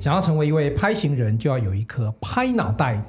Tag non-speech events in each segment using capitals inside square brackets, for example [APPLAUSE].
想要成為一位 Pi 型人，就要有一顆 Pi 腦袋。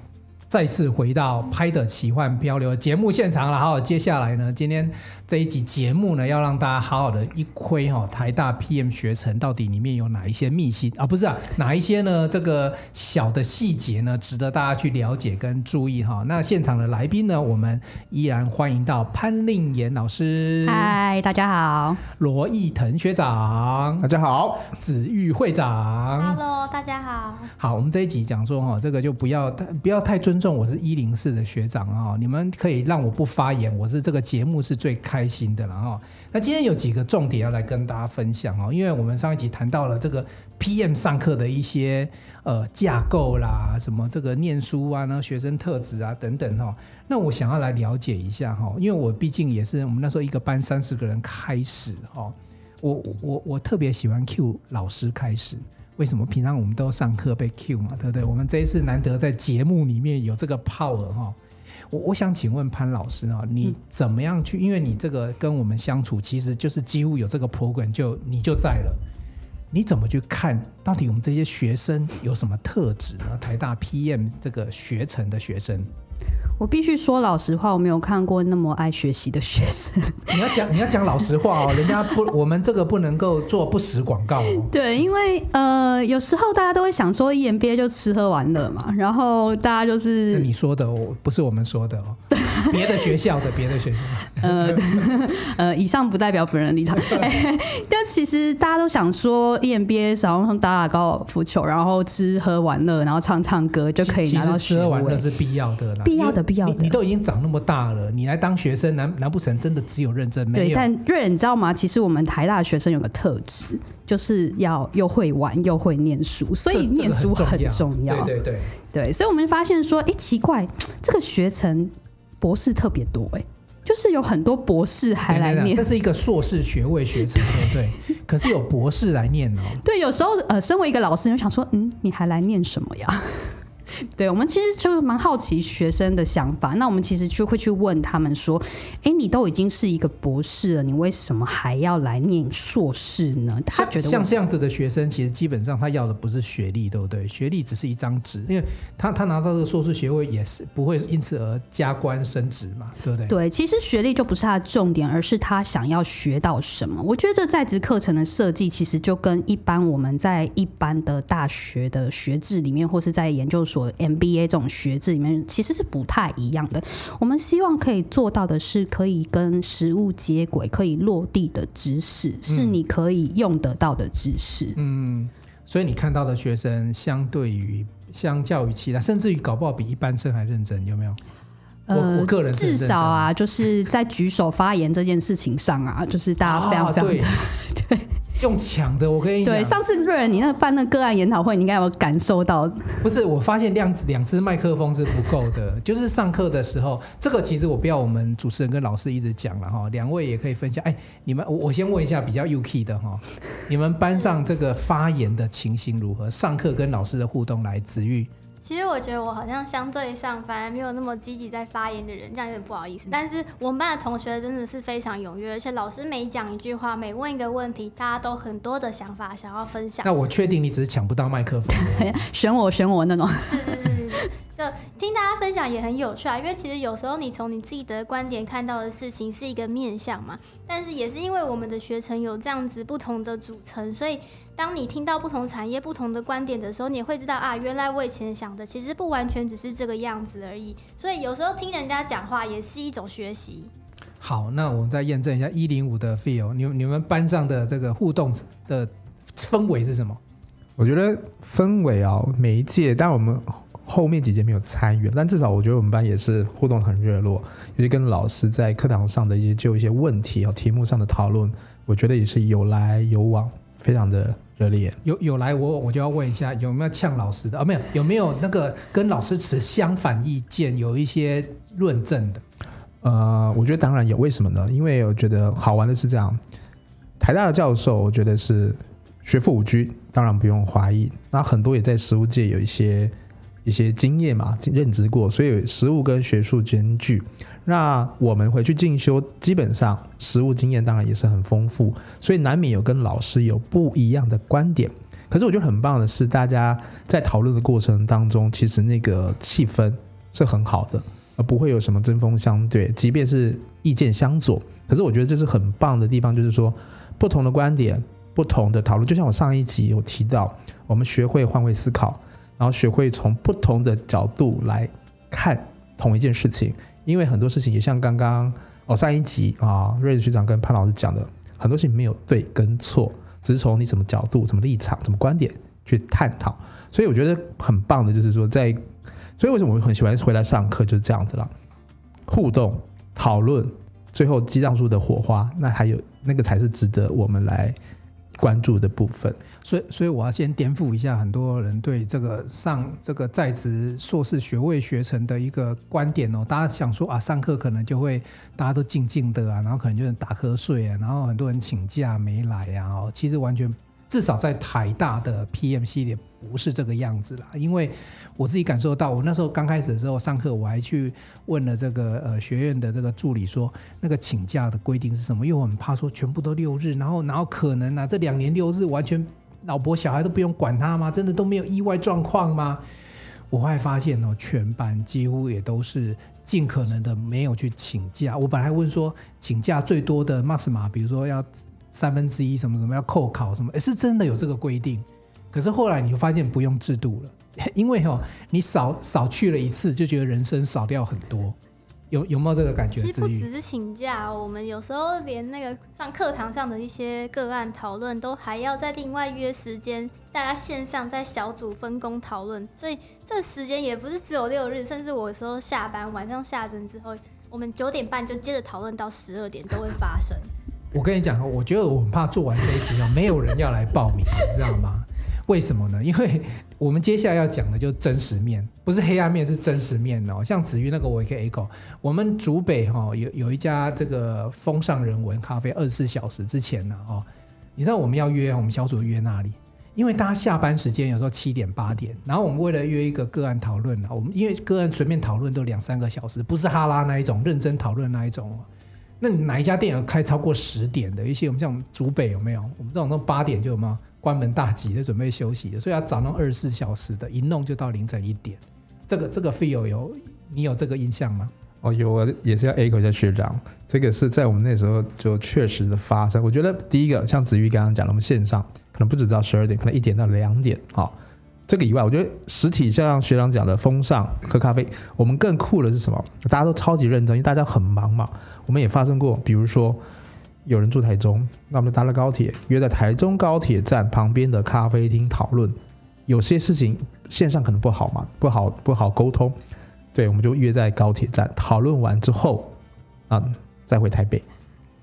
再次回到《Pi 的奇幻漂流》節目現場了、哦，好，接下來呢，今天這一集節目呢，要讓大家好好的一窺哈、哦、台大 PM 學程到底裡面有哪一些秘辛，啊？不是啊，哪一些呢？這個小的細節呢，值得大家去了解跟注意哈、哦。那現場的來賓呢，我們依然歡迎到潘令妍老師，嗨，大家好；羅驛騰學長，大家好；子玉會長，Hello，大家好。好，我們這一集講說哈、哦，這個就不要太不要太尊。觀眾我是一零四的學長啊，你們可以讓我不發言，我是這個節目是最開心的了哈。那今天有幾個重點要來跟大家分享哦，因為我們上一集談到了這個 PM 上課的一些呃架構啦，什麼這個念書啊、那學生特質啊等等哦。那我想要來了解一下哈，因為我畢竟也是我們那時候一個班三十個人開始哈，我我我特別喜歡 Q 老師開始。為什麼平常我們都上課被 cue 嘛，對不對？我們這一次難得在節目裡面有這個 POWER 哈，哦，我我想請問潘老師啊，哦，你怎麼樣去、嗯？因為你這個跟我們相處，其實就是幾乎有這個 program 就你就在了，你怎麼去看到底我們這些學生有什麼特質呢？臺大 PM 這個學程的學生。我必須說老實話，我沒有看過那麼愛學習的學生。你要講你要講老實話哦， [LAUGHS] 人家不，我們這個不能夠做不實廣告，哦。對，因為呃，有時候大家都會想說 EMBA 就吃喝玩樂嘛，然後大家就是那你說的，哦，不是我們說的哦。別的學校的，別的學校的。呃、呃，以上不代表本人的立場、 [LAUGHS] 欸。就其實大家都想說，EMBA 好像打，打打高爾夫球，然後吃喝玩樂，然後唱唱歌就可以拿到學位。其實吃喝玩樂是必要的啦，必要的必要的你。你都已經長那麼大了，你來當學生，難難不成真的只有認真？沒有對，但瑞仁你知道嗎？其實我們台大的學生有個特質，就是要又會玩又會念書，所以念書很重要。這個、重要對對對對，對，所以我們發現說，哎、欸，奇怪，這個學程。博士特別多誒、欸，就是有很多博士還來念，這是一個碩士學位學程，對對？ [LAUGHS] 可是有博士來念哦。對，有時候呃，身為一個老師，你就想說，嗯，你還來念什麼呀？對我們其實就蠻好奇學生的想法，那我們其實就會去問他們說：“哎，你都已經是一個博士了，你為什麼還要來念碩士呢？”他覺得像，像這樣子的學生，其實基本上他要的不是學歷，對不對？學歷只是一張紙，因為他他拿到的碩士學位也是不會因此而加官升職嘛，對不對？對，其實學歷就不是他的重點，而是他想要學到什麼。我覺得這在職課程的設計其實就跟一般我們在一般的大學的學制裡面，或是在研究所。MBA 這種學制裡面其實是不太一樣的。我們希望可以做到的是，可以跟實務接軌，可以落地的知識，是你可以用得到的知識。嗯，嗯，所以你看到的學生相，相對於相較於其他，甚至於搞不好比一般生還認真，有沒有？我，我個人是是呃，至少啊，就是在舉手發言這件事情上啊， [LAUGHS] 就是大家不要這樣。對， [LAUGHS] 對用搶的，我可以。對，上次瑞仁你那個辦那個個案研討會，你應該有感受到。不是，我發現兩支兩支麥克風是不夠的。 [LAUGHS] 就是上課的時候，這個其實我不要我們主持人跟老師一直講了哈，兩位也可以分享。哎，你們，我我先問一下比較 UK 的哈，你們班上這個發言的情形如何？上課跟老師的互動來自於其實我覺得我好像相對上反而沒有那麼積極在發言的人，這樣有點不好意思。但是我們班的同學真的是非常踴躍，而且老師每講一句話，每問一個問題，大家都很多的想法想要分享。那我確定你只是搶不到麥克風，嗯，選我選我那種，是，是。 [LAUGHS] 聽大家分享也很有趣啊，因為其實有時候你從你自己的觀點看到的事情是一個面向嘛，但是也是因為我們的學程有這樣子不同的組成，所以當你聽到不同產業不同的觀點的時候，你也會知道啊，原來我以前想的其實不完全只是這個樣子而已。所以有時候聽人家講話也是一種學習。好，那我們再驗證一下一零五的 feel，你你們班上的這個互動的氛圍是什麼？我覺得氛圍啊，每一屆但我們。後面幾節沒有參與，但至少我覺得我們班也是互動很熱絡，尤其跟老師在課堂上的一些就一些問題啊、題目上的討論，我覺得也是有來有往，非常的熱烈。有有來我我就要問一下，有沒有嗆老師的啊？沒有，有沒有那個跟老師持相反意見，有一些論證的？呃，我覺得當然有。為什麼呢？因為我覺得好玩的是這樣，台大的教授，我覺得是學富五車，當然不用懷疑。那很多也在實務界有一些。一些經驗嘛，任職過，所以實務跟學術兼具。那我們回去進修，基本上實務經驗當然也是很豐富，所以難免有跟老師有不一樣的觀點。可是我覺得很棒的是，大家在討論的過程當中，其實那個氣氛是很好的，而不會有什麼針鋒相對，即便是意見相左。可是我覺得這是很棒的地方，就是說不同的觀點，不同的討論。就像我上一集有提到，我們學會換位思考。然後學會從不同的角度來看同一件事情，因為很多事情也像剛剛哦，上一集啊，瑞仁學長跟潘老師講的，很多事情沒有對跟錯，只是從你什麼角度、什麼立場、什麼觀點去探討。所以我覺得很棒的就是說在，在所以為什麼我很喜歡回來上課就是這樣子了，互動討論，最後激盪出的火花，那還有那個才是值得我們來關注的部分，所以所以我要先顛覆一下很多人對這個上這個在職碩士學位學程的一個觀點哦、喔，大家想說啊，上課可能就會大家都靜靜的，啊，然後可能就是打瞌睡啊，然後很多人請假沒來啊、喔，哦，其實完全至少在台大的 PM 系列，不是這個樣子啦，因為我自己感受到，我那時候剛開始的時候上課，我還去問了這個呃學院的這個助理說，那個請假的規定是什麼？因為我很怕說全部都六日，然後然後可能啊這兩年六日完全老婆小孩都不用管他嗎？真的都沒有意外狀況嗎？我還發現哦，全班幾乎也都是盡可能的沒有去請假。我本來問說請假最多的 musma，比如說要三分之一什麼什麼要扣考什麼誒，是真的有這個規定。可是後來你又發現不用制度了，因為哦，你少少去了一次就覺得人生少掉很多，有有沒有這個感覺？其實不只是請假，我們有時候連那個上課堂上的一些個案討論都還要再另外約時間，大家線上在小組分工討論，所以這個時間也不是只有六日，甚至我有時候下班晚上下診之後，我們九點半就接着討論到十二點都會發生。 [LAUGHS] 我跟你講，我覺得我很怕做完這一集啊，沒有人要來報名， [LAUGHS] 你知道嗎？為什麼呢？因為我們接下來要講的就是真實面，不是黑暗面，是真實面哦。像子玉那個維克艾格，我，echo，我們竹北哈、哦、有有一家這個風尚人文咖啡，二十四小時之前呢哦，你知道我們要約我們小組約那裡，因為大家下班時間有時候七點八點，然後我們為了約一個個案討論呢，我們因為個案隨便討論都兩三個小時，不是哈拉那一種認真討論那一種。那你哪一家店有開超過十點的？一些我們像竹北有沒有？我們這種都八點就有嗎？關門大吉，就準備休息的，所以要早弄二十四小時的，一弄就到凌晨一點。這個這個 feel 有你有這個印象嗎？哦、哎，有啊，也是要 echo 一下。學長，這個是在我們那時候就確實的發生。我覺得第一個，像子玉剛剛講的，我們線上可能不止到十二點，可能一點到兩點啊、哦。這個以外，我覺得實體像學長講的，風尚喝咖啡，我們更酷的是什麼？大家都超級認真，因為大家很忙嘛。我們也發生過，比如說。有人住台中，那我們就搭了高鐵，約在台中高鐵站旁邊的咖啡廳討論。有些事情線上可能不好嘛，不好不好溝通。對，我們就約在高鐵站討論完之後，啊、嗯，再回台北，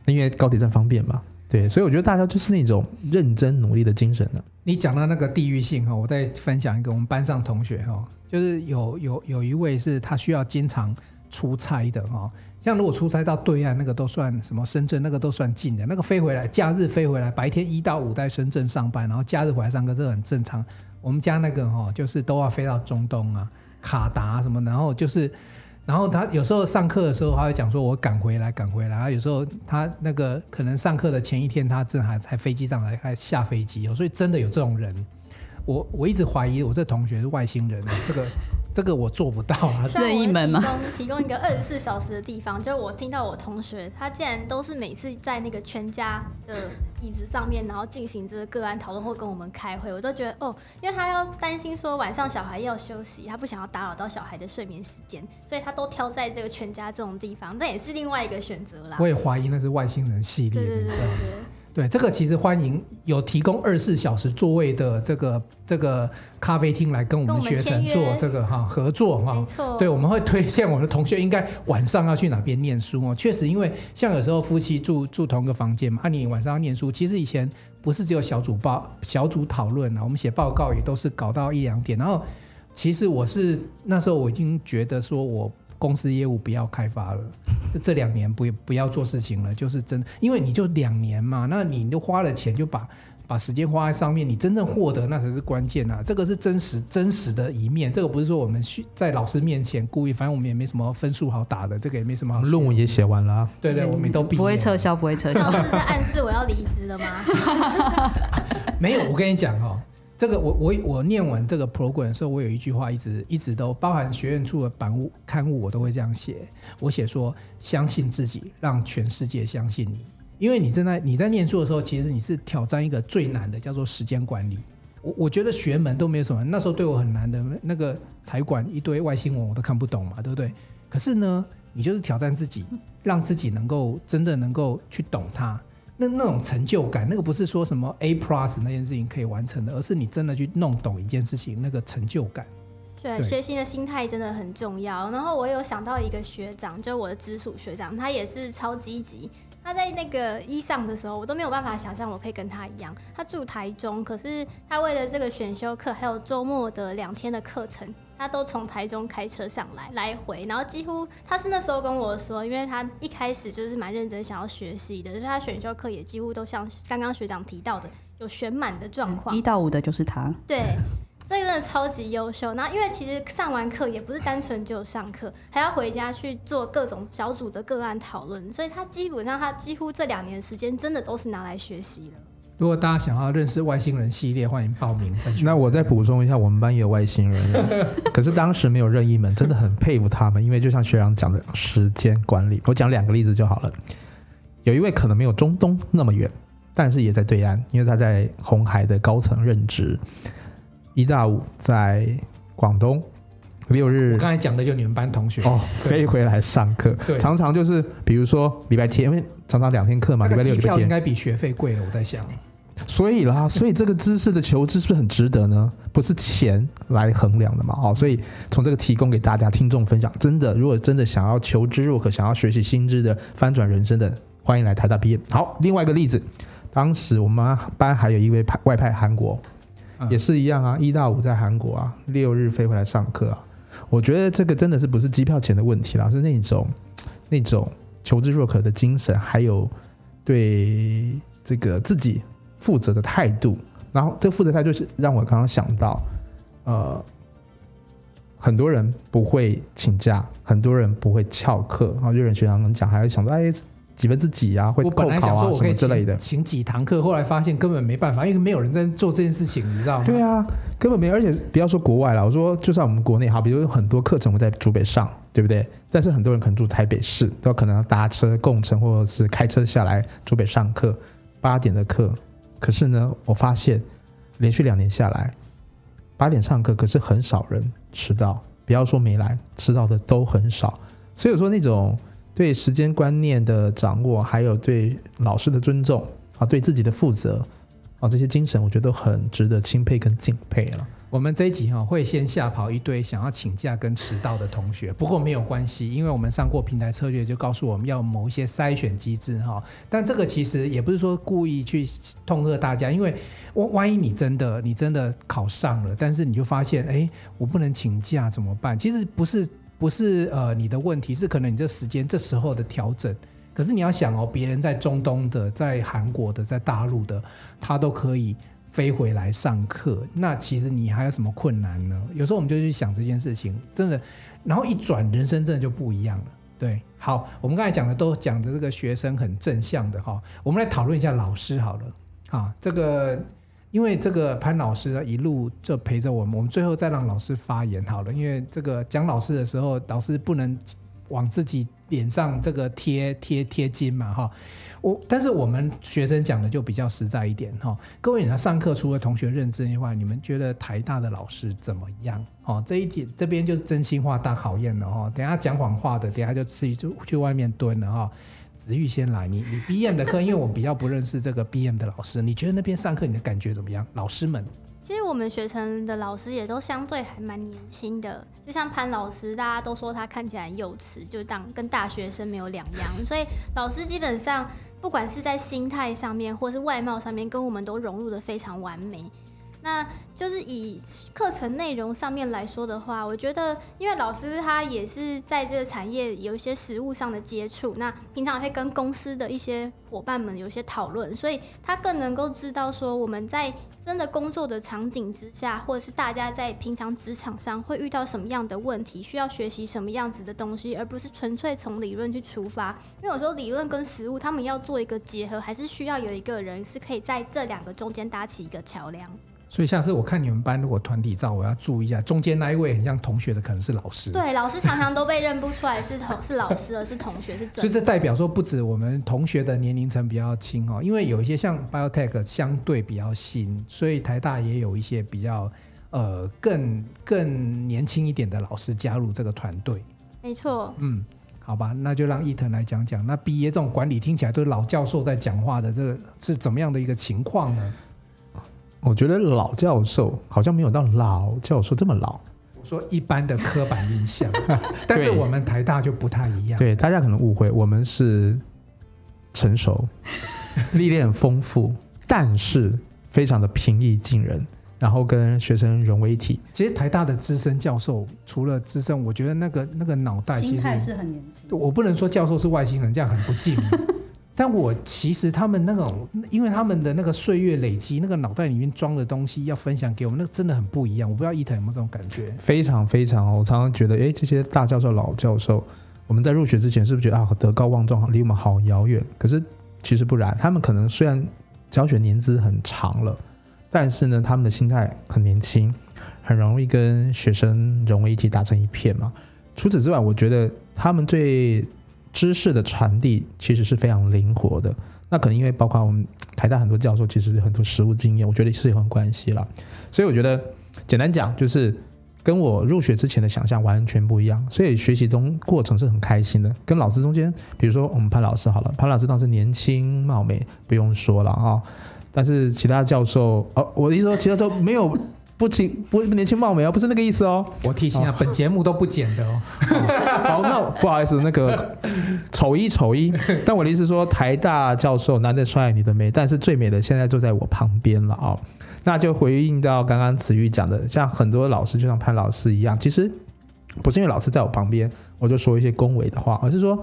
因為高鐵站方便嘛。對，所以我覺得大家就是那種認真努力的精神呢。你講到那個地域性哈，我再分享一個我們班上同學哈，就是有有有一位是他需要經常。出差的哦、喔，像如果出差到對岸那個都算什麼？深圳那個都算近的，那個飛回來，假日飛回來，白天一到五在深圳上班，然後假日回來上課，這個很正常。我們家那個哈、喔，就是都要飛到中東啊，卡達、啊、什麼，然後就是，然後他有時候上課的時候還會講說，我趕回來，趕回來。有時候他那個可能上課的前一天，他正好在飛機上來，還下飛機、喔，所以真的有這種人。我我一直懷疑我這同學是外星人、喔，這個。 [LAUGHS] 這個我做不到啊，任意門嘛。提供一個二十四小時的地方，就是我聽到我同學，他竟然，都是每次在那個全家的椅子上面，然後進行這個個案討論或跟我們開會，我都覺得哦，因為他要擔心說晚上小孩要休息，他不想要打擾到小孩的睡眠時間，所以他都挑在這個全家這種地方，這也是另外一個選擇啦。我也懷疑那是外星人系列。 [LAUGHS] 對，對對對。對，這個其實歡迎有提供二十四小時座位的這個這個咖啡廳來跟我們學生做這個哈合作哈，對，我們會推薦我們的同學應該晚上要去哪邊念書哦。確實，因為像有時候夫妻住住同一個房間嘛，啊，你晚上要念書，其實以前不是只有小組報小組討論，我們寫報告也都是搞到一兩點。然後，其實我是那時候我已經覺得說我。公司業務不要開發了，這這兩年不不要做事情了，就是真，因為你就兩年嘛，那你就花了錢就把把時間花在上面，你真正獲得那才是關鍵啊！這個是真實真實的一面，這個不是說我們去在老師面前故意，反正我們也沒什麼分數好打的，這個也沒什麼好論文也寫完了，啊。對對，我們都不會撤銷，不會撤銷，老師是暗示我要離職了嗎？沒有，我跟你講哦。這個我我我念完這個 program 的時候，我有一句話一直一直都包含學院處的版物刊物，我都會這樣寫。我寫說：相信自己，讓全世界相信你。因為你正在你在念書的時候，其實你是挑戰一個最難的，叫做時間管理。我我覺得學門都沒有什麼，那時候對我很難的那個財管一堆外星文我都看不懂嘛，對不對？可是呢，你就是挑戰自己，讓自己能夠真的能夠去懂它。那那種成就感，那個不是說什麼 A plus 那件事情可以完成的，而是你真的去弄懂一件事情，那個成就感。對，對學習的心態真的很重要。然後我有想到一個學長，就我的直屬學長，他也是超積極。他在那個一上的時候，我都沒有辦法想象我可以跟他一樣。他住台中，可是他為了這個選修課，還有周末的兩天的課程，他都從台中開車上來來回。然後幾乎他是那時候跟我說，因為他一開始就是蠻認真想要學習的，所以他選修課也幾乎都像剛剛學長提到的，有選滿的狀況。一到五的就是他。對。這個真的超級優秀。那因為其實上完課也不是單純就上課，還要回家去做各種小組的個案討論，所以他基本上他幾乎這兩年的時間真的都是拿來學習了。如果大家想要認識外星人系列，歡迎報名。 [LAUGHS] 那我再補充一下，我們班也有外星人， [LAUGHS] 可是當時沒有任意門，真的很佩服他們。因為就像學長講的時間管理，我講兩個例子就好了。有一位可能沒有中東那麼遠，但是也在對岸，因為他在紅海的高層任職，一大五在廣東，六日。我剛才講的就你們班同學哦，飛回來上課，對，常常就是比如說禮拜天，因為常常兩天課嘛，那個機票應該比學費貴了，我在想。所以啦，所以這個知識的求知是不是很值得呢？ [LAUGHS] 不是錢來衡量的嘛，哦，所以從這個提供給大家聽眾分享，真的，如果真的想要求知若渴，想要學習新知的，翻轉人生的，歡迎來台大 PM。好，另外一個例子，當時我們班還有一位派外派韓國。也是一樣啊，一到五在韓國啊，六日飛回來上課啊，我覺得這個真的是不是機票錢的問題啦，是那種那種求知若渴的精神，還有對這個自己負責的態度。然後這負責態度是讓我剛剛想到，呃，很多人不會請假，很多人不會翹課，然後就有人學長能講，還會想到，哎、欸。幾分之幾呀、啊？會扣考啊，我本來想說我可以，什麼之類的，請，請幾堂課，後來發現根本沒辦法，因為沒有人在做這件事情，你知道嗎？對啊，根本沒。而且不要說國外了，我說就算我們國內，好，比如有很多課程我們在竹北上，對不對？但是很多人可能住台北市，都可能搭車、共乘或者是開車下來竹北上課，八點的課。可是呢，我發現連續兩年下來，八點上課，可是很少人遲到。不要說沒來，遲到的都很少。所以我說那種。對時間觀念的掌握，還有對老師的尊重啊，對自己的負責啊，這些精神我覺得都很值得欽佩跟敬佩了。我們這一集哈、哦、會先嚇跑一堆想要請假跟遲到的同學，不過沒有關係，因為我們上過平台策略，就告訴我們要某一些篩選機制哈、哦。但這個其實也不是說故意去痛恨大家，因為萬萬一你真的你真的考上了，但是你就發現誒，我不能請假怎麼辦？其實不是。不是呃，你的問題是可能你這時間這時候的調整，可是你要想哦，別人在中東的、在韓國的、在大陸的，他都可以飛回來上課，那其實你還有什麼困難呢？有時候我們就去想這件事情，真的，然後一轉人生真的就不一樣了。對，好，我們剛才講的都講的這個學生很正向的哈、哦，我們來討論一下老師好了，啊，這個。因為這個潘老師一路就陪着我們，我們最後再讓老師發言好了。因為這個講老師的時候，老師不能往自己臉上這個貼貼貼金嘛哈、哦。我但是我們學生講的就比較實在一點哈、哦。各位上課除了同學認真以外，你們覺得台大的老師怎麼樣？哦，這一點這邊就是真心話大考驗了哈、哦。等一下講謊話的，等一下就自己就去外面蹲了哈。哦子玉先來，你你 PM 的課，因為我們比較不認識這個 PM 的老師， [LAUGHS] 你覺得那邊上課你的感覺怎麼樣？老師們，其實我們學程的老師也都相對還蠻年輕的，就像潘老師，大家都說他看起來幼齒，就當跟大學生沒有兩樣，所以老師基本上不管是在心態上面，或是外貌上面，跟我們都融入得非常完美。那就是以課程內容上面來說的話，我覺得因為老師他也是在這個產業有一些實務上的接觸，那平常也會跟公司的一些夥伴們有一些討論，所以他更能夠知道說我們在真的工作的場景之下，或者是大家在平常職場上會遇到什麼樣的問題，需要學習什麼樣子的東西，而不是純粹從理論去出發。因為有時候理論跟實務他們要做一個結合，還是需要有一個人是可以在這兩個中間搭起一個橋梁。所以像是我看你們班如果團體照，我要注意一下，中間那一位很像同學的，可能是老師。對，老師常常都被認不出來是同 [LAUGHS] 是老師，而是同學是。所以這代表說，不止我們同學的年齡層比較輕哦、喔，因為有一些像 Biotech 相對比較新，所以台大也有一些比較呃更更年輕一點的老師加入這個團隊。沒錯。嗯，好吧，那就讓驛騰來講講。那畢業這種管理聽起來都是老教授在講話的，這個是怎麼樣的一個情況呢？我覺得老教授好像沒有到老教授這麼老。我說一般的刻板印象， [LAUGHS] 但是我們台大就不太一樣對。對，大家可能誤會，我們是成熟、 [LAUGHS] 歷練豐富，但是非常的平易近人，然後跟學生融為一體。其實台大的資深教授，除了資深，我覺得那個那個腦袋其實心態是很年輕。我不能說教授是外星人，這樣很不敬。 [LAUGHS] 但我其實他們那種，因為他們的那個歲月累積，那個腦袋裡面裝的東西要分享給我們，那個真的很不一樣。我不知道驛騰有沒有這種感覺？非常非常，我常常覺得，哎，這些大教授、老教授，我們在入學之前是不是覺得啊，德高望重，離我們好遙遠？可是其實不然，他們可能雖然教學年資很長了，但是呢，他們的心態很年輕，很容易跟學生融為一體，打成一片嘛。除此之外，我覺得他們最知識的傳遞其實是非常靈活的，那可能因為包括我們台大很多教授，其實很多實務經驗，我覺得也是有很關係啦。所以我覺得簡單講，就是跟我入學之前的想象完全不一樣，所以學習中過程是很開心的。跟老師中間，比如說我們潘老師好了，潘老師當時年輕貌美，不用說了啊、哦。但是其他教授，哦，我的意思說其他都沒有。不輕不年輕貌美哦，不是那個意思哦。我提醒啊，哦、本節目都不剪的哦。哦 [LAUGHS] 哦好，那不好意思，那個醜一醜一。但我的意思說，台大教授男的帥，女的美，但是最美的現在就在我旁邊了啊、哦。那就回應到剛剛子玉講的，像很多老師，就像潘老師一樣，其實不是因為老師在我旁邊，我就說一些恭維的話，而是說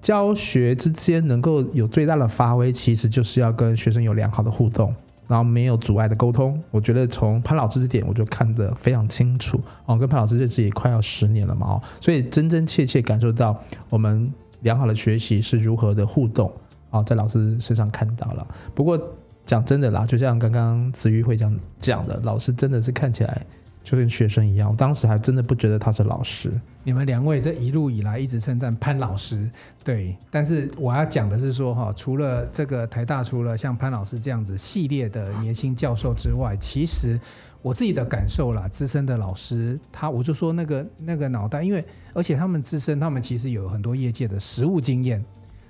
教學之間能夠有最大的發揮，其實就是要跟學生有良好的互動。然後沒有阻礙的溝通，我覺得從潘老師這點我就看得非常清楚哦。跟潘老師認識也快要十年了嘛哦，所以真真切切感受到我們良好的學習是如何的互動啊，哦，在老師身上看到了。不過講真的啦，就像剛剛子玉會講講的，老師真的是看起來。就跟學生一樣，我當時還真的不覺得他是老師。你們兩位這一路以來一直稱讚潘老師，對。但是我要講的是說哈，除了這個台大，除了像潘老師這樣子系列的年輕教授之外，其實我自己的感受啦，資深的老師他，我就說那個那個腦袋，因為而且他們資深，他們其實有很多業界的實務經驗，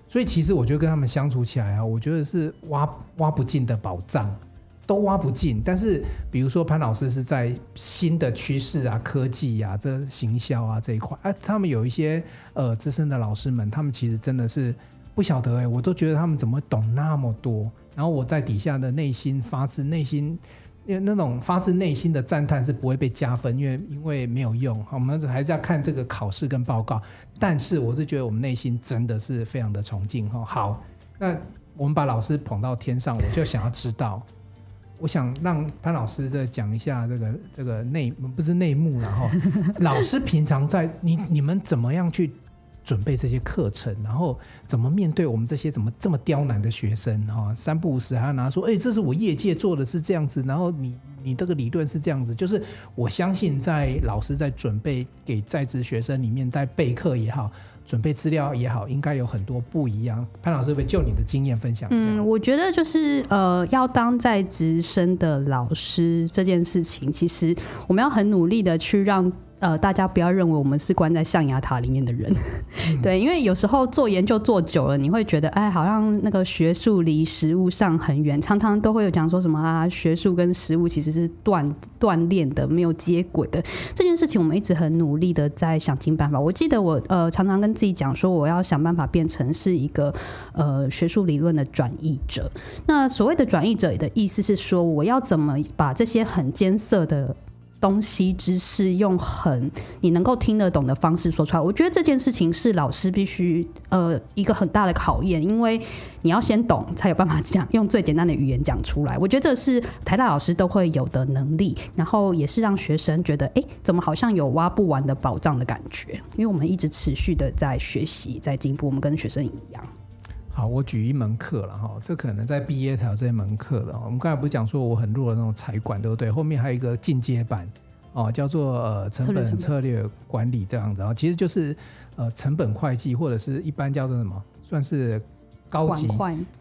所以其實我覺得跟他們相處起來啊，我覺得是挖挖不盡的寶藏。都挖不進但是比如說潘老師是在新的趨勢啊、科技呀、啊、這行銷啊這一塊，哎、啊，他們有一些呃資深的老師們，他們其實真的是不曉得哎、欸，我都覺得他們怎麼懂那麼多，然後我在底下的內心發自內心，因為那種發自內心的讚嘆是不會被加分，因為因為沒有用，我們還是要看這個考試跟報告。但是我是覺得我們內心真的是非常的崇敬哈。好，那我們把老師捧到天上，我就想要知道。我想讓潘老師再講一下這個這個內不是內幕，然後老師平常在你你們怎麼樣去準備這些課程，然後怎麼面對我們這些怎麼這麼刁難的學生哈？三不五時還要拿出哎、欸，這是我業界做的是這樣子，然後你你這個理論是這樣子，就是我相信在老師在準備給在職學生裡面在備課也好。準備資料也好，應該有很多不一樣。潘老師，會就你的經驗分享？嗯，我覺得就是呃，要當在職生的老師這件事情，其實我們要很努力的去讓。呃，大家不要認為我們是關在象牙塔裡面的人， [LAUGHS] 對，因為有時候做研究做久了，你會覺得，哎，好像那個學術離實務上很遠，常常都會有講說什麼啊，學術跟實務其實是斷鍛鍊的，沒有接軌的這件事情，我們一直很努力的在想盡辦法。我記得我呃常常跟自己講說，我要想辦法變成是一個呃學術理論的轉譯者。那所謂的轉譯者的意思是說，我要怎麼把這些很艱澀的。東西知識用很你能夠聽得懂的方式說出來，我覺得這件事情是老師必須呃一個很大的考驗，因為你要先懂才有辦法講，用最簡單的語言講出來。我覺得這是台大老師都會有的能力，然後也是讓學生覺得哎、欸，怎麼好像有挖不完的寶藏的感覺，因為我們一直持續的在學習，在進步，我們跟學生一樣。好，我舉一門課了哈，這可能在畢業才有這門課的。我們剛才不是講說我很弱的那種財管，對不對？後面還有一個進階版，哦，叫做呃成本策略管理這樣子，啊，其實就是呃成本會計或者是一般叫做什麼，算是高級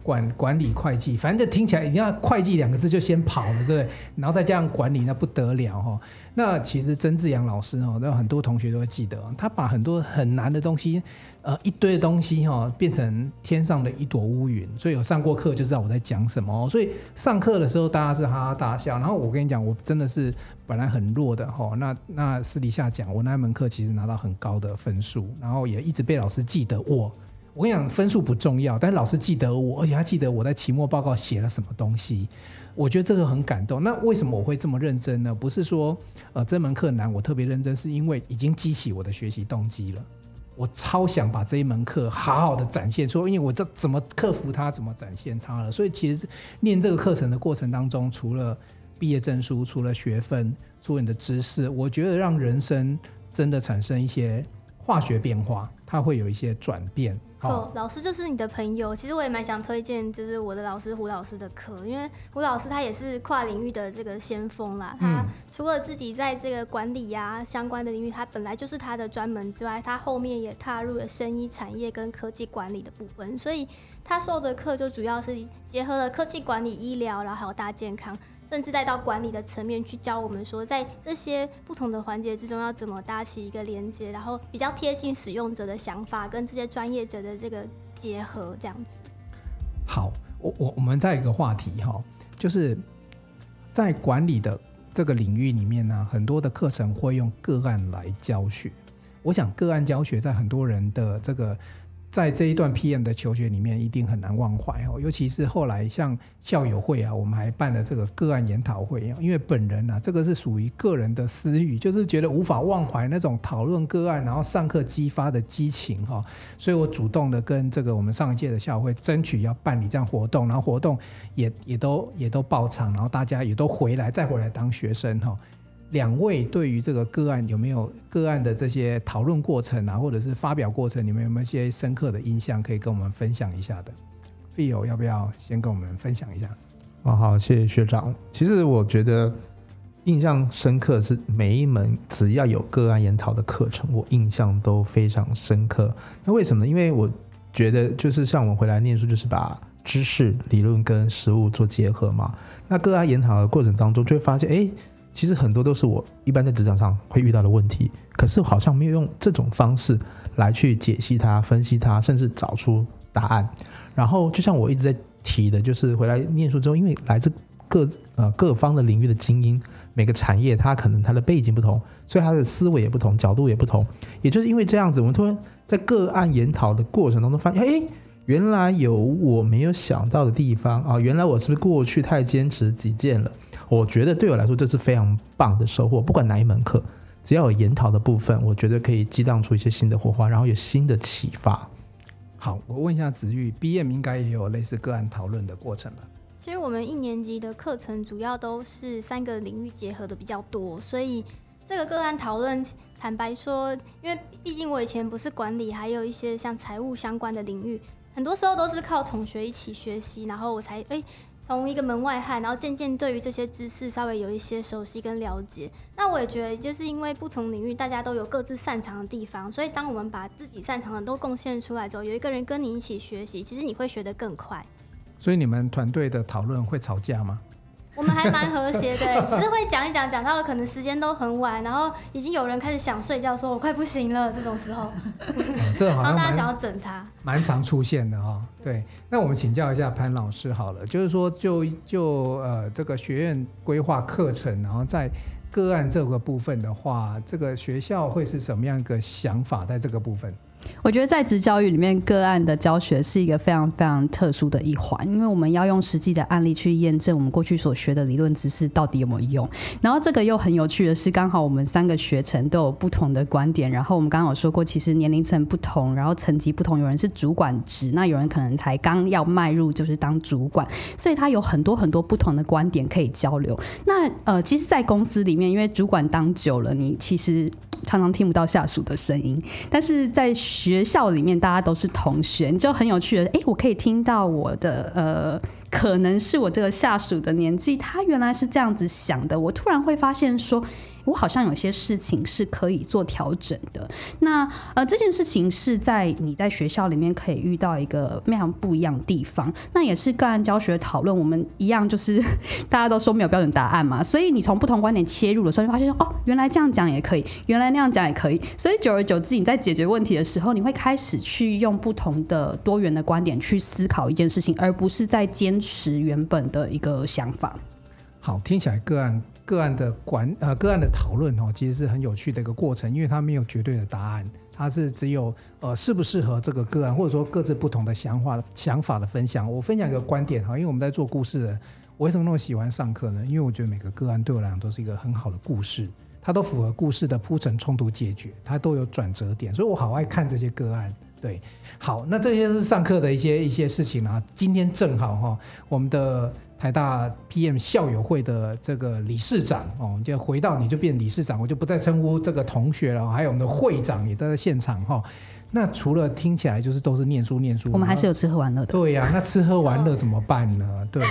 管管理會計，反正就聽起來，你看會計兩個字就先跑了，對不對？然後再加上管理，那不得了哈。那其實曾志揚老師哦，那很多同學都會記得，他把很多很難的東西。呃，一堆東西哈，變成天上的一朵烏雲。所以有上過課就知道我在講什麼。所以上課的時候大家是哈哈大笑。然後我跟你講，我真的是本來很弱的哈。那那私底下講，我那一門課其實拿到很高的分數，然後也一直被老師記得我。我跟你講，分數不重要，但老師記得我，而且他記得我在期末報告寫了什麼東西。我覺得這個很感動。那為什麼我會這麼認真呢？不是說呃，這門課難，我特別認真，是因為已經激起我的學習動機了。我超想把這一門課好好的展現出，因為我知道怎麼克服它，怎麼展現它了。所以其實念這個課程的過程當中，除了畢業證書，除了學分，除了你的知識，我覺得讓人生真的產生一些。化學變化，它會有一些轉變。好、哦，So, 老師就是你的朋友。其實我也蠻想推薦，就是我的老師胡老師的課，因為胡老師他也是跨領域的這個先鋒啦。他除了自己在這個管理啊相關的領域，他本來就是他的專門之外，他後面也踏入了生醫產業跟科技管理的部分，所以他授的課就主要是結合了科技管理、醫療，然後還有大健康。甚至再到管理的層面去教我們說，在這些不同的環節之中要怎麼搭起一個連接，然後比較貼近使用者的想法跟這些專業者的這個結合，這樣子。好，我我我們再一個話題哈、喔，就是在管理的這個領域裡面呢，很多的課程會用個案來教學。我想個案教學在很多人的這個。在這一段 PM 的求學裡面，一定很難忘懷哦，尤其是後來像校友會啊，我們還辦了這個個案研討會，因為本人呢、啊，這個是屬於個人的私欲，就是覺得無法忘懷那種討論個案，然後上課激發的激情哈，所以我主動的跟這個我們上一屆的校友會爭取要辦理這樣活動，然後活動也也都也都爆場，然後大家也都回來再回來當學生哈。兩位對於這個個案有沒有個案的這些討論過程啊，或者是發表過程，你們有沒有一些深刻的印象可以跟我們分享一下的？Phil，要不要先跟我們分享一下？哦，好，謝謝學長。其實我覺得印象深刻是每一門只要有個案研討的課程，我印象都非常深刻。那為什麼呢？因為我覺得就是像我們回來念書，就是把知識理論跟實務做結合嘛。那個案研討的過程當中，就會發現，哎。其實很多都是我一般在職場上會遇到的問題，可是我好像沒有用這種方式來去解析它、分析它，甚至找出答案。然後就像我一直在提的，就是回來念書之後，因為來自各、呃，各方的領域的精英，每個產業它可能它的背景不同，所以它的思維也不同，角度也不同。也就是因為這樣子，我們突然在個案研討的過程當中發現，哎。原來有我沒有想到的地方啊！原來我是不是過去太堅持己見了？我覺得對我來說這是非常棒的收穫。不管哪一門課，只要有研討的部分，我覺得可以激盪出一些新的火花，然後有新的啟發。好，我問一下子玉，PM 應該也有類似個案討論的過程吧？其實我們一年級的課程主要都是三個領域結合的比較多，所以這個個案討論，坦白說，因為畢竟我以前不是管理，還有一些像財務相關的領域。很多時候都是靠同學一起學習，然後我才哎，從一個門外漢，然後漸漸對於這些知識稍微有一些熟悉跟了解。那我也覺得，就是因為不同領域大家都有各自擅長的地方，所以當我們把自己擅長的都貢獻出來之後，有一個人跟你一起學習，其實你會學得更快。所以你們團隊的討論會吵架嗎？ [LAUGHS] 我們還蠻和諧的，只是會講一講，講到可能時間都很晚，然後已經有人開始想睡覺，說我快不行了。這種時候，當、哦、 [LAUGHS] 大家想要整他，蠻常出現的哈、哦。對，那我們請教一下潘老師好了，就是說就，就就呃，這個學院規劃課程，然後在個案這個部分的話，這個學校會是什麼樣一個想法在這個部分？我覺得在職教育裡面個案的教學是一個非常非常特殊的一環，因為我們要用實際的案例去驗證我們過去所學的理論知識到底有沒有用。然後這個又很有趣的是，剛好我們三個學程都有不同的觀點。然後我們剛剛有說過，其實年齡層不同，然後層級不同，有人是主管職，那有人可能才剛要邁入就是當主管，所以他有很多很多不同的觀點可以交流。那呃，其實，在公司裡面，因為主管當久了，你其實。常常聽不到下屬的聲音，但是在學校裡面，大家都是同學，就很有趣的。的、欸、哎，我可以聽到我的呃，可能是我這個下屬的年紀，他原來是這樣子想的，我突然會發現說。我好像有些事情是可以做調整的。那呃，這件事情是在你在學校裡面可以遇到一個非常不一樣的地方。那也是個案教學討論，我們一樣就是大家都說沒有標準答案嘛，所以你從不同觀點切入的時候，就發現說哦，原來這樣講也可以，原來那樣講也可以。所以久而久之，你在解決問題的時候，你會開始去用不同的、多元的觀點去思考一件事情，而不是在堅持原本的一個想法。好，聽起來個案。個案的管呃，個案的討論哦，其實是很有趣的一個過程，因為它沒有絕對的答案，它是只有呃適不適合這個個案，或者說各自不同的想法的想法的分享。我分享一個觀點哈，因為我們在做故事的，我為什麼那麼喜歡上課呢？因為我覺得每個個案對我來講都是一個很好的故事，它都符合故事的鋪陳、衝突、解決，它都有轉折點，所以我好愛看這些個案。對，好，那這些是上課的一些一些事情啊。今天正好哈、哦，我們的。台大 PM 校友會的這個理事長哦，就回到你就變理事長，我就不再稱呼這個同學了。還有我們的會長也都在現場哈、哦。那除了聽起來就是都是念書念書，我們還是有吃喝玩樂的。啊、對呀、啊，那吃喝玩樂怎麼辦呢？ [LAUGHS] 對，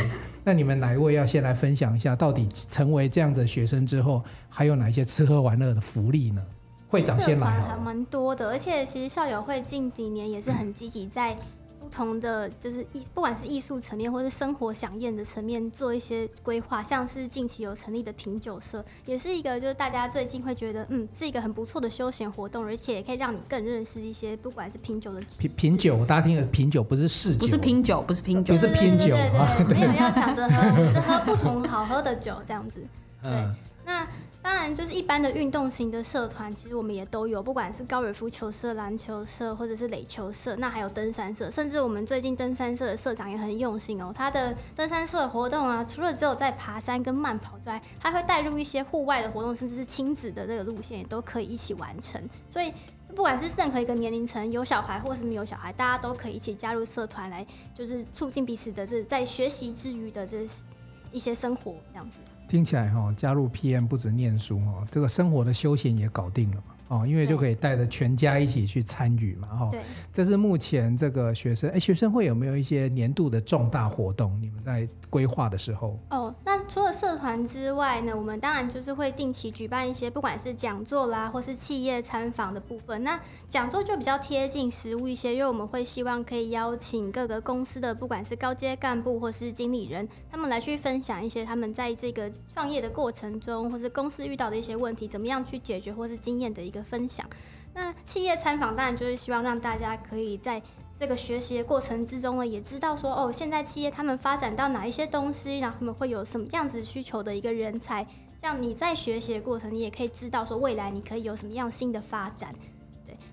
那你們哪一位要先來分享一下，到底成為這樣的學生之後，還有哪一些吃喝玩樂的福利呢？會長先來。還蠻多的，而且其實校友會近幾年也是很積極在。不同的就是藝，不管是藝術層面，或是生活饗宴的層面，做一些規劃，像是近期有成立的品酒社，也是一個就是大家最近會覺得，嗯，是一個很不錯的休閒活動，而且也可以讓你更認識一些，不管是品酒的品品酒，大家聽了品酒不是試，不是品酒，不是品酒，不是品酒，對對對沒有、啊、要搶着喝， [LAUGHS] 是喝不同好喝的酒這樣子，對，嗯、那。當然，就是一般的運動型的社團，其實我們也都有，不管是高爾夫球社、籃球社，或者是壘球社，那還有登山社，甚至我們最近登山社的社長也很用心哦、喔。他的登山社活動啊，除了只有在爬山跟慢跑之外，他會帶入一些戶外的活動，甚至是親子的這個路線也都可以一起完成。所以，不管是任何一個年齡層，有小孩或什麼有小孩，大家都可以一起加入社團來就，就是促進彼此的這在學習之餘的這、就是、一些生活這樣子。聽起來哈、哦，加入 PM 不止念書哦，這個生活的休閒也搞定了嘛。哦，因為就可以帶着全家一起去參與嘛，哈，對。這是目前這個學生哎、欸，學生會有沒有一些年度的重大活動？你們在規劃的時候。哦，那除了社團之外呢，我們當然就是會定期舉辦一些，不管是講座啦，或是企業參訪的部分。那講座就比較貼近實務一些，因為我們會希望可以邀請各個公司的，不管是高階幹部或是經理人，他們來去分享一些他們在這個創業的過程中，或是公司遇到的一些問題，怎麼樣去解決，或是經驗的一個。分享，那企業參訪當然就是希望讓大家可以在這個學習的過程之中呢，也知道說哦，現在企業他們發展到哪一些東西，然後他們會有什麼樣子需求的一個人才，像你在學習的過程，你也可以知道說未來你可以有什麼樣新的發展。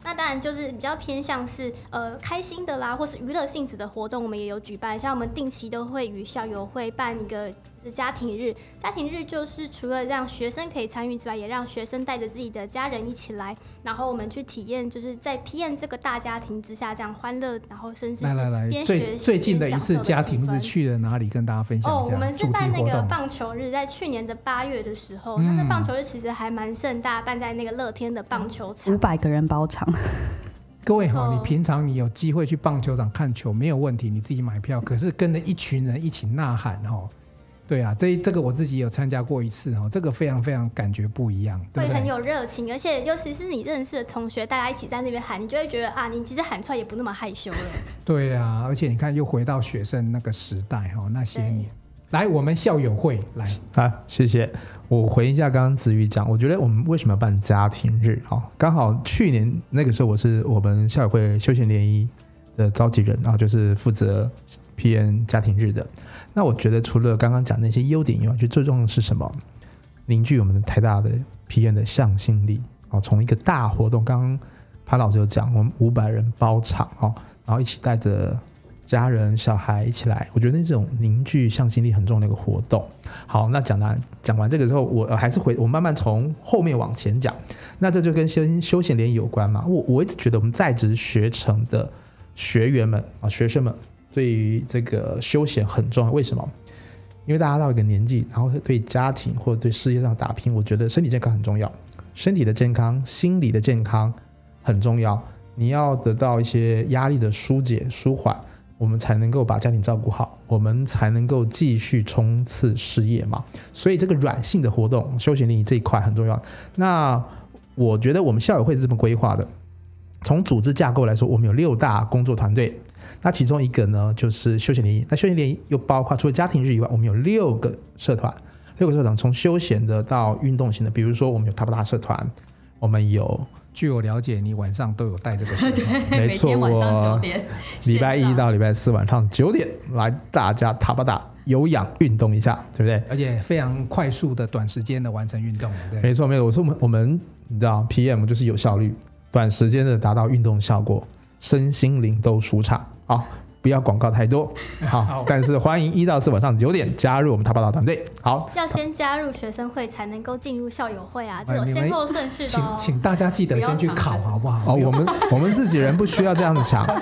那當然就是比較偏向是呃、開心的啦，或是娛樂性質的活動，我們也有舉辦。像我們定期都會與校友會辦一個就是家庭日，家庭日就是除了讓學生可以參與之外，也讓學生帶着自己的家人一起來，然後我們去體驗，就是在 PM 這個大家庭之下這樣歡樂，然後甚至是邊學習邊享受。來來來，最最近的一次家庭日去了哪裡？跟大家分享哦，oh, 我們是辦那個棒球日，在去年的八月的時候，嗯、那個棒球日其實還蠻盛大，辦在那個樂天的棒球場，嗯、五百個人包場。各位好，你平常你有機會去棒球場看球，沒有問題，你自己買票。可是跟着一群人一起吶喊哦，對啊，這這個我自己有參加過一次哦，這個非常非常感覺不一樣，對，會，很有熱情，而且尤其是你認識的同學，大家一起在那邊喊，你就會覺得啊，你其實喊出來也不那麼害羞了。對啊。而且你看又回到學生那個時代哈，那些年。來，我們校友會來啊！謝謝。我回應一下剛剛子玉講，我覺得我們為什麼辦家庭日？哦，剛好去年那個時候我是我們校友會休閒聯誼的召集人啊，就是負責 PM 家庭日的。那我覺得除了剛剛講那些優點以外，我覺得最重要的是什麼？凝聚我們臺大的 PM 的向心力啊！從一個大活動，剛剛潘老師有講，我們五百人包場哦、啊，然後一起帶着，家人、小孩一起來，我覺得那種凝聚向心力很重要的一個活動。好，那講完講完這個之後，我還是回，我慢慢從後面往前講。那這就跟休休閒聯誼有關嘛。我我一直覺得我們在職學程的學員們啊，學生們對於這個休閒很重要。為什麼？因為大家到一個年紀，然後對家庭或者對事業上打拼，我覺得身體健康很重要。身體的健康、心理的健康很重要。你要得到一些壓力的疏解、舒緩。我們才能夠把家庭照顧好，我們才能夠繼續衝刺事業嘛。所以這個軟性的活動，休閒聯誼這一塊很重要。那我覺得我們校友會是這麼規劃的：從組織架構來說，我們有六大工作團隊。那其中一個呢，就是休閒聯誼。那休閒聯誼又包括除了家庭日以外，我們有六個社團，六個社團從休閒的到運動型的，比如說我們有塔布拉社團。我們有，據我了解，你晚上都有帶這個手，對，沒錯，每天晚上九點，我禮拜一到禮拜四晚上九點上來，大家踏吧打，打有氧運動一下，對不對？而且非常快速的、短時間的完成運動，對對沒錯，沒錯，我說我們，我們你知道，PM 就是有效率，短時間的達到運動效果，身心靈都舒暢啊。哦不要廣告太多，好，好，但是歡迎一到四晚上九點加入我們台大報道團隊。好，要先加入學生會才能夠進入校友會啊，呃、這種先後順序。請請大家記得先去考，好不好？哦、我們我們自己人不需要這樣子想。 [LAUGHS]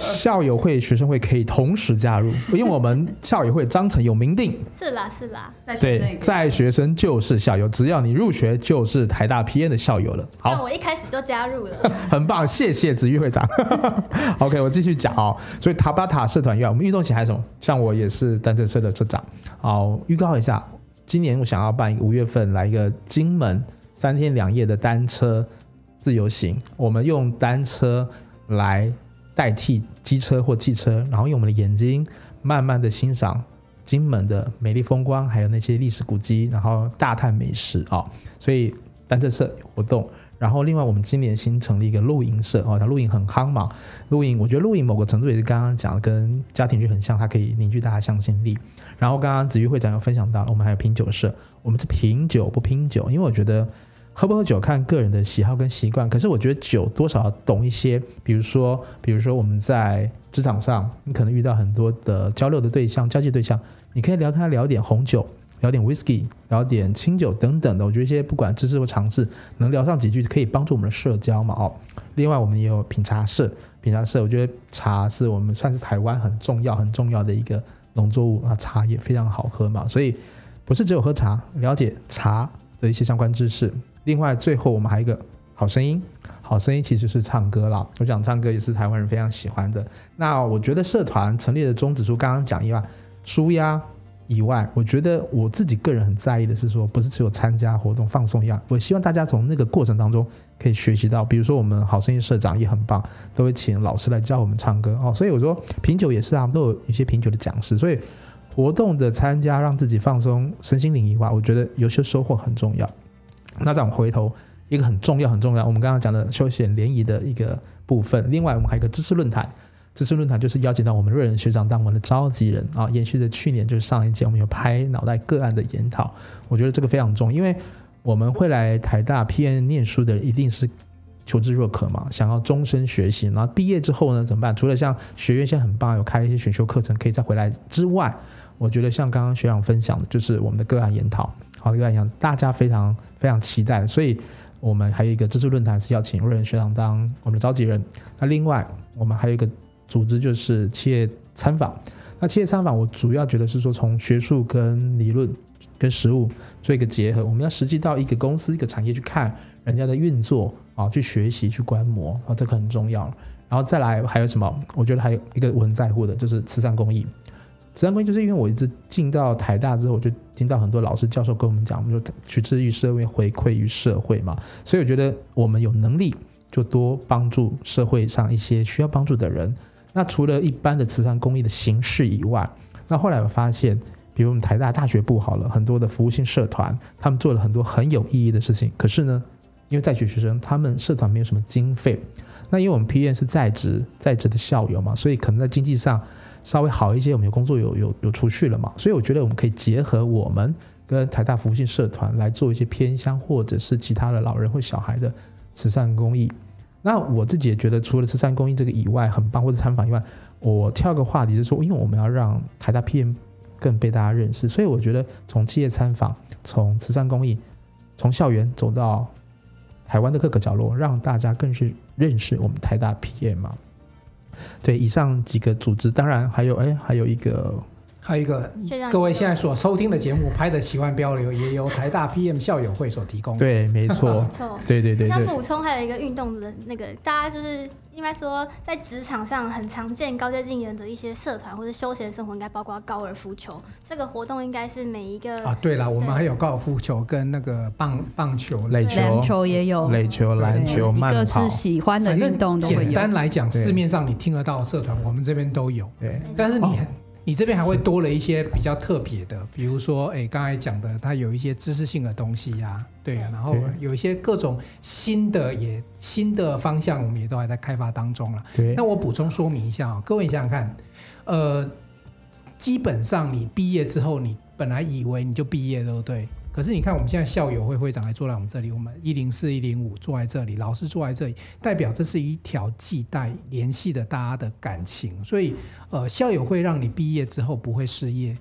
校友會、學生會可以同時加入，因為我們校友會章程有明定。是啦，是啦。在學生，在學生就是校友，只要你入學就是台大 PM 的校友了。好，我一開始就加入了。很棒，謝謝子玉會長。 [LAUGHS] OK，我繼續講哦。所以塔巴塔社團要我們運動起來，什麼？像我也是單車社的社長。好，預告一下，今年我想要辦一個五月份來一個金門三天兩夜的單車自由行。我們用單車來代替機車或汽車，然後用我們的眼睛慢慢的欣賞金門的美麗風光，還有那些歷史古蹟，然後大探美食啊、哦。所以單車社有活動。然後，另外我們今年新成立一個露營社哦，它露營很夯嘛。露營，我覺得露營某個程度也是剛剛講的，跟家庭劇很像，它可以凝聚大家向心力。然後剛剛子玉會長又分享到了，我們還有品酒社，我們是品酒不拼酒，因為我覺得喝不喝酒看個人的喜好跟習慣，可是我覺得酒多少要懂一些，比如說，比如說我們在職場上，你可能遇到很多的交流的對象、交際對象，你可以聊他聊點紅酒。聊點 whisky 聊點清酒等等的，我覺得一些不管知識或常識，能聊上幾句，可以幫助我們的社交嘛哦。另外我們也有品茶社，品茶社我覺得茶是我們算是台灣很重要很重要的一個農作物啊，茶也非常好喝嘛，所以不是只有喝茶，了解茶的一些相關知識。另外最後我們還有一個好聲音，好聲音其實是唱歌啦，我想唱歌也是台灣人非常喜歡的。那、哦、我覺得社團成立的宗旨，就剛剛講一半舒壓。書呀以外，我覺得我自己個人很在意的是說，不是只有參加活動放鬆一樣，我希望大家從那個過程當中可以學習到，比如說我們好聲音社長也很棒，都會請老師來教我們唱歌哦。所以我說品酒也是啊，都有一些品酒的講師。所以活動的參加，讓自己放鬆身心靈以外，我覺得有些收穫很重要。那我們回頭，一個很重要、很重要，我們剛剛講的休閒聯誼的一個部分。另外，我們還有一個知識論壇。知識論壇就是邀請到我們瑞仁學長當我們的召集人啊，延續着去年就是上一屆，我們有拍腦袋個案的研討，我覺得這個非常重，因為我們會來台大 PM 念書的一定是求知若渴嘛，想要終身學習。然後畢業之後呢，怎麼辦？除了像學院現在很棒，有開一些選修課程可以再回來之外，我覺得像剛剛學長分享的就是我們的個案研討，好，個案研討大家非常非常期待，所以我們還有一個知識論壇是要請瑞仁學長當我們的召集人。那另外我們還有一個。組織就是企業參訪，那企業參訪我主要覺得是說從學術跟理論跟實務做一個結合，我們要實際到一個公司一個產業去看人家的運作啊，去學習去觀摩啊，這個很重要。然後再來還有什麼？我覺得還有一個我很在乎的，就是慈善公益。慈善公益就是因為我一直進到台大之後，我就聽到很多老師教授跟我們講，我們就取之於社會，回饋於社會嘛，所以我覺得我們有能力就多幫助社會上一些需要幫助的人。那除了一般的慈善公益的形式以外，那後來我發現，比如我們台大大學部好了，很多的服務性社團，他們做了很多很有意義的事情。可是呢，因為在學學生，他們社團沒有什麼經費。那因為我們 PM 是在職在職的校友嘛，所以可能在經濟上稍微好一些。我們有工作有有有出去了嘛，所以我覺得我們可以結合我們跟台大服務性社團來做一些偏鄉或者是其他的老人或小孩的慈善公益。那我自己也覺得，除了慈善公益這個以外，很棒，或者參訪以外，我挑個話題就是說，因為我們要讓台大 PM 更被大家認識，所以我覺得從企業參訪、從慈善公益、從校園走到台灣的各個角落，讓大家更是認識我們台大 PM 啊。對，以上幾個組織，當然還有哎，還有一個。還有一個，各位現在所收聽的節目 Pi 的奇幻漂流，也由台大 PM 校友會所提供。對，沒錯，沒錯，對對，對對對。想補充還有一個運動的那個，大家就是應該說在職場上很常見高階進員的一些社團或者休閒生活，應該包括高爾夫球這個活動，應該是每一個啊，對了，我們還有高爾夫球跟那個棒棒球壘球，籃球也有壘球籃球、球慢跑，各自喜歡的運動都會，簡單來講，市面上你聽得到的社團，我們這邊都有。對，但是你很。哦你這邊還會多了一些比較特別的，比如說，哎，剛才講的，它有一些知識性的東西呀，對啊。然後有一些各種新的也新的方向，我們也都還在開發當中了。對。那我補充說明一下啊，各位你想想看，呃，基本上你畢業之後，你本來以為你就畢業了，對？可是你看，我們現在校友會會長還坐在我們這裡，我們一零四一零五坐在這裡，老師坐在這裡，代表這是一條繫帶聯繫著大家的感情。所以，呃，校友會讓你畢業之後不會失業，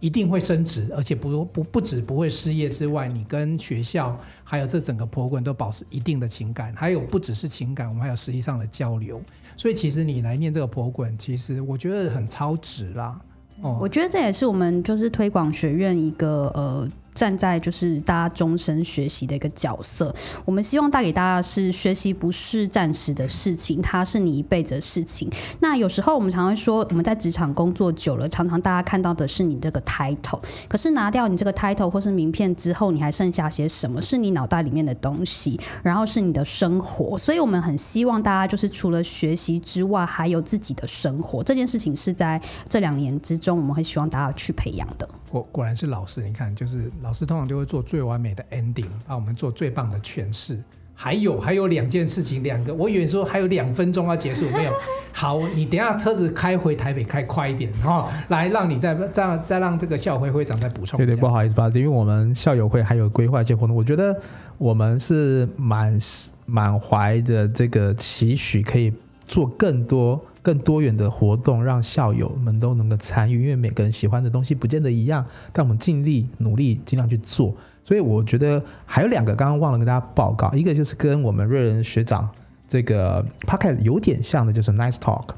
一定會升職，而且不不不止不會失業之外，你跟學校還有這整個 program 都保持一定的情感，還有不只是情感，我們還有實際上的交流。所以，其實你來念這個 program，其實我覺得很超值啦。哦、嗯，我覺得這也是我們就是推廣學院一個呃。站在就是大家終身學習的一個角色，我們希望帶給大家的是學習不是暫時的事情，它是你一輩子的事情。那有時候我們常常說，我們在職場工作久了，常常大家看到的是你這個 title，可是拿掉你這個 title 或是名片之後，你還剩下些什麼？是你腦袋裡面的東西，然後是你的生活。所以我們很希望大家就是除了學習之外，還有自己的生活。這件事情是在這兩年之中，我們會希望大家去培養的。果果然是老師，你看就是。老師通常都會做最完美的 ending，讓我們做最棒的詮釋。還有還有兩件事情，兩個我以為說還有兩分鐘要結束，沒有。好，你等下車子開回台北開，開快一點哈、哦，來讓你再再再讓這個校友會會長再補充。對對，對不好意思吧，因為我們校友會還有規劃一些活動，我覺得我們是滿滿懷的這個期許，可以做更多。更多元的活動，讓校友們都能夠參與，因為每個人喜歡的東西不見得一樣，但我們盡力努力，盡量去做。所以我覺得還有兩個，剛剛忘了跟大家報告，一個就是跟我們瑞仁學長這個 Podcast 有點像的，就是 Nice Talk。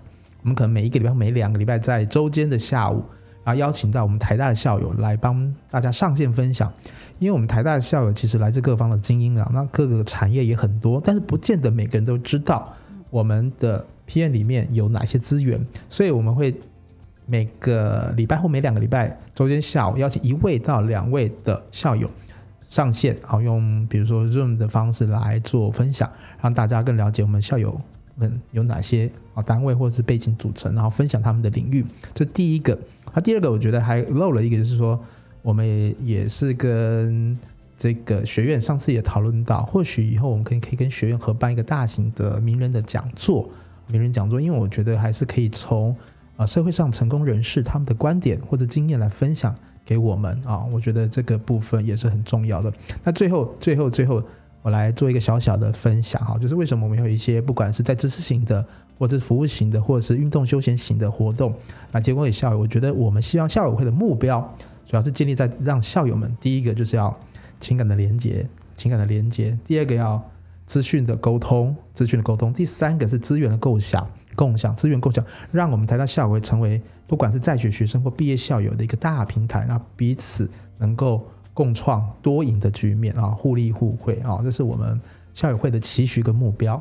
我們可能每一個禮拜、每兩個禮拜在周間的下午，然後邀請到我們台大的校友來幫大家上線分享。因為我們台大的校友其實來自各方的精英啊，那各個產業也很多，但是不見得每個人都知道我們的。PM 裡面有哪些資源？所以我們會每個禮拜或每兩個禮拜周天下午邀請一位到兩位的校友上線，好用比如說 Zoom 的方式來做分享，讓大家更了解我們校友們有哪些啊單位或者是背景組成，然後分享他們的領域。這第一個，那、啊、第二個我覺得還漏了一個，就是說我們也是跟這個學院上次也討論到，或許以後我們可以可以跟學院合辦一個大型的名人的講座。名人講座，因為我覺得還是可以從啊社會上成功人士他們的觀點或者經驗來分享給我們啊，我覺得這個部分也是很重要的。那最後最後最後，我來做一個小小的分享哈，啊，就是為什麼我們有一些不管是在知識型的，或者是服務型的，或者是運動休閒型的活動來提供給校友。我覺得我們希望校友會的目標，主要是建立在讓校友們第一個就是要情感的連接，情感的連接，第二個要。資訊的溝通，資訊的溝通。第三個是資源的共享，共享資源共享，讓我們台大校友會成為不管是在學學生或畢業校友的一個大平台，那彼此能夠共創多贏的局面啊、哦，互利互惠啊、哦，這是我們校友會的期許跟目標。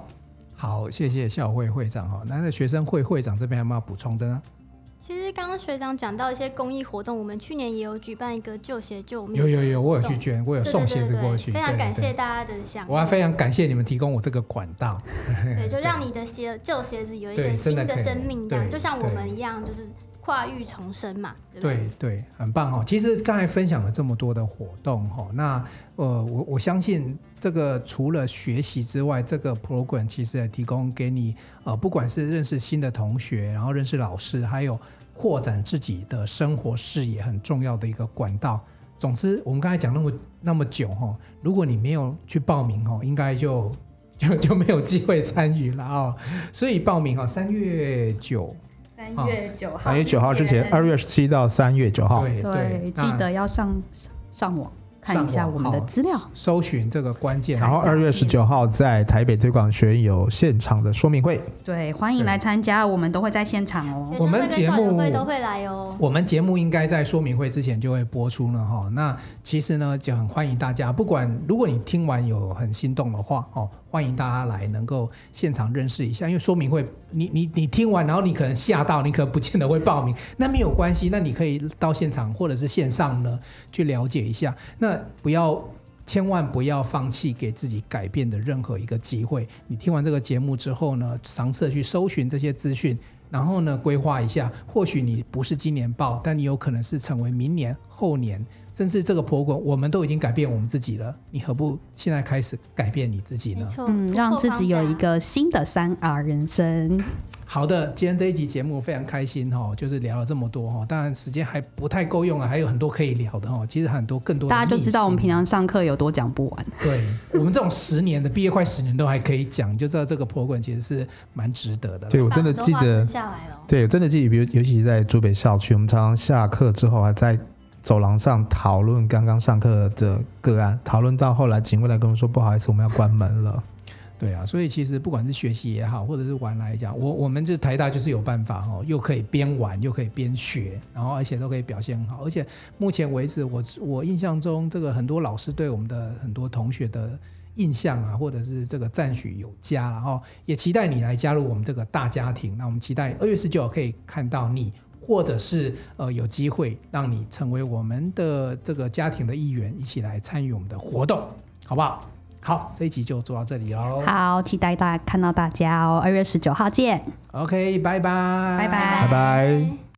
好，謝謝校友會會長哈，那那學生會會長這邊有沒有補充的呢？其實剛剛學長講到一些公益活動，我們去年也有舉辦一個舊鞋救命。有有有，我有去捐，我有送鞋子過去。對對對對，非常感謝大家的想，我還非常感謝你們提供我這個管道。 [LAUGHS] 對，就讓你的鞋舊鞋子有一個新的生命一樣。對，就像我們一樣，就是。跨域重生嘛，對對，對，對，很棒哦。其實剛才分享了這麼多的活動哈、哦，那呃，我我相信這個除了學習之外，這個 program 其實也提供給你呃，不管是認識新的同學，然後認識老師，還有擴展自己的生活視野，很重要的一個管道。總之，我們剛才講那麼那麼久哈、哦，如果你沒有去報名哈、哦，應該就就就沒有機會參與了哦。所以報名哈、哦，三月九。三月九號，三月九號之前，二、哦、月十七到三月九號，對對，記得要上上網看一下我們的資料、哦，搜尋這個關鍵。然後二月十九號在台北推廣學院有現場的說明會，對，歡迎來參加，我們都會在現場哦。會會哦我們節目都會來哦。我們節目應該在說明會之前就會播出呢、哦，哈。那其實呢，就很歡迎大家，不管如果你聽完有很心動的話，哦。歡迎大家來，能夠現場認識一下，因為說明會，你你你聽完，然後你可能嚇到，你可能不見得會報名，那沒有關係，那你可以到現場或者是線上呢去了解一下，那不要千萬不要放棄給自己改變的任何一個機會。你聽完這個節目之後呢，嘗試去搜尋這些資訊。然後呢，規劃一下，或許你不是今年報，但你有可能是成為明年、後年，甚至這個婆婆，我們都已經改變我們自己了，你何不現在開始改變你自己呢？嗯，讓自己有一個新的三 R 人生。好的，今天這一集節目非常開心哈，就是聊了這麼多哈，當然時間還不太夠用啊，還有很多可以聊的哈。其實很多更多大家就知道我們平常上課有多講不完對。對 [LAUGHS] 我們這種十年的畢業快十年都還可以講，就知道這個 program 其實是蠻值得的。對，對我真的記得下來了，哦，對，我真的記得。比如尤其在竹北校區，我們常常下課之後還在走廊上討論剛剛上課的個案，討論到後來警衛來跟我們說：“不好意思，我們要關門了。 [LAUGHS] ”對啊，所以其實不管是學習也好，或者是玩來講，我我們這台大就是有辦法哦，又可以邊玩又可以邊學，然後而且都可以表現很好。而且目前為止我，我我印象中這個很多老師對我們的很多同學的印象啊，或者是這個讚許有加了哦，也期待你來加入我們這個大家庭。那我們期待二月十九號可以看到你，或者是呃有機會讓你成為我們的這個家庭的一員，一起來參與我們的活動，好不好？好，這一集就做到這裡哦。好，期待大家看到大家哦。二月十九號見。OK，拜拜，拜拜，拜拜。